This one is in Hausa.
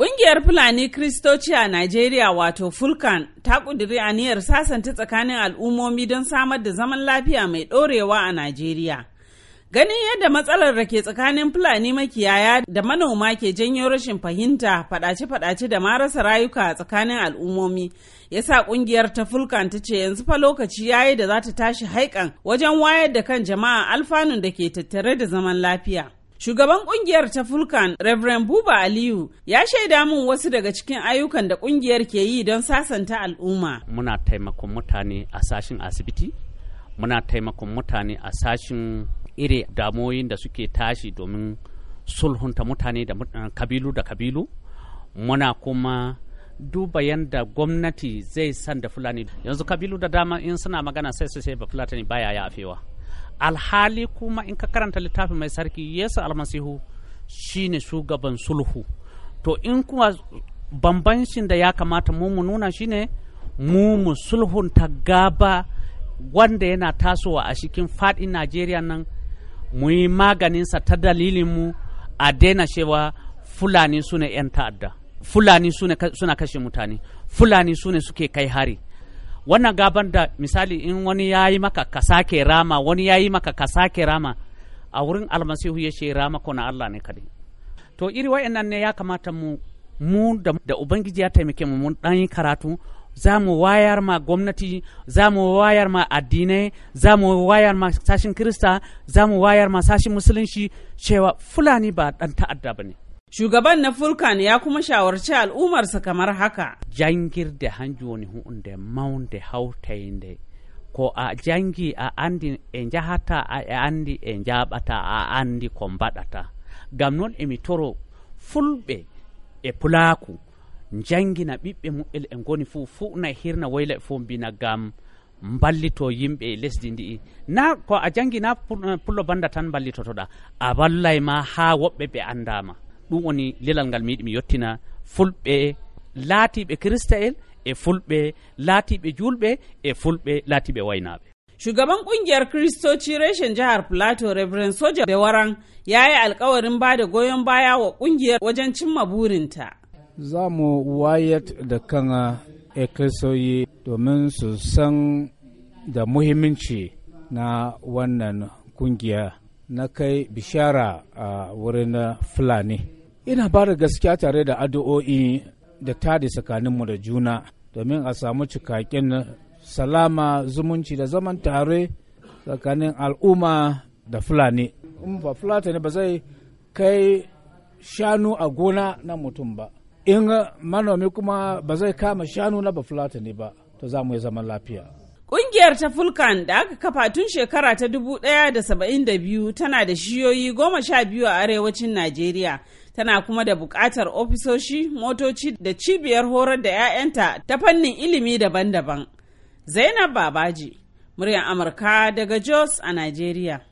Ƙungiyar Fulani Kiristoci a Najeriya wato Fulkan ta ƙudiri aniyar sasanta tsakanin al'ummomi don samar da zaman lafiya mai ɗorewa a Najeriya. Ganin yadda matsalar da ke tsakanin Fulani makiyaya da manoma ke janyo rashin fahimta faɗace-faɗace da marasa rayuka a tsakanin al'ummomi, ya sa ƙungiyar ta Fulkan ta ce yanzu fa lokaci yayi da za ta tashi haikan wajen wayar da kan jama'a alfanun da ke tattare da zaman lafiya. Shugaban kungiyar ta Fulkan, Reverend Buba Aliyu, ya shaida mun wasu daga cikin ayyukan da kungiyar ke yi don sasanta al'umma. Muna taimakon mutane a sashin asibiti, muna taimakon mutane a sashin iri damoyin da suke tashi domin sulhunta mutane da kabilu da kabilu. Muna kuma duba yadda gwamnati zai san da fulani yanzu kabilu da dama in suna magana sai su sai ba fulani baya yafewa. alhali kuma in ka karanta littafin mai sarki yesu almasihu shine shugaban sulhu to in kuma bambancin da ya kamata mu mu nuna shine mu mu sulhunta gaba wanda yana tasowa a cikin fadin najeriya nan mu yi maganinsa ta dalilin mu a daina cewa fulani su ne 'yan ta'adda fulani su suna kashe mutane fulani su ne suke kai hari wannan gaban da misali in wani ya yi maka ka sake rama wani ya yi maka ka sake rama a wurin almasihu ya ce rama ko na Allah ne kadai to iri wa'annan ne ya kamata mu da ubangiji ya taimake mu mun dan karatu za mu wayar ma gwamnati za mu wayar ma addinai za mu wayar ma sashin kirista za mu wayar ma sashin musulunci cewa fulani ba ɗan ta'adda ba ne shugaban na fulkan ya kuma shawarci al'ummarsa kamar haka jangirde hanjum woni hunde maunde hawtayinde ko a jangi a andi e jahata a andi e jaɓata a andi ko mbaɗata gam noon emi toro fulɓe e pulaku jangina ɓiɓɓe muɓɓel e goni fuu fuuna hirna woyla e fuu mbina gam mballito yimɓe e lesdi ndi na ko a jangi na eh, pullo banda tan mballitotoɗa a wallay ma ha woɓɓe ɓe andama ɗum woni lelal ngal mi yiɗi mi yottina fulɓe laatiɓe en e fulɓe laatiɓe julɓe e fulɓe laatiɓe waynaɓe shugaban kungiyar kristoci reshen jihar plato reverend soja be waran ya yi alkawarin ba da goyon baya wa kungiyar wajen cimma burinta za mu wayar da kan eklesoyi domin su san da muhimmanci na wannan kungiya na kai bishara a wurin fulani ina ba da gaskiya tare da addu'o'i da tadi tsakaninmu da juna domin a samu cikakken salama zumunci da zaman tare tsakanin al'umma da fulani in ba fulani ba zai kai shanu a gona na mutum ba in manomi kuma ba zai kama shanu na ba fulani ba to za mu yi zaman lafiya Ƙungiyar ta Fulkan da aka kafa tun shekara ta 1972 tana da shiyoyi goma sha biyu a arewacin Najeriya. Tana kuma da buƙatar ofisoshi, motoci da cibiyar horar da 'ya'yanta ta fannin ilimi daban-daban. Zainab Babaji, muryar Amurka daga Jos a Najeriya.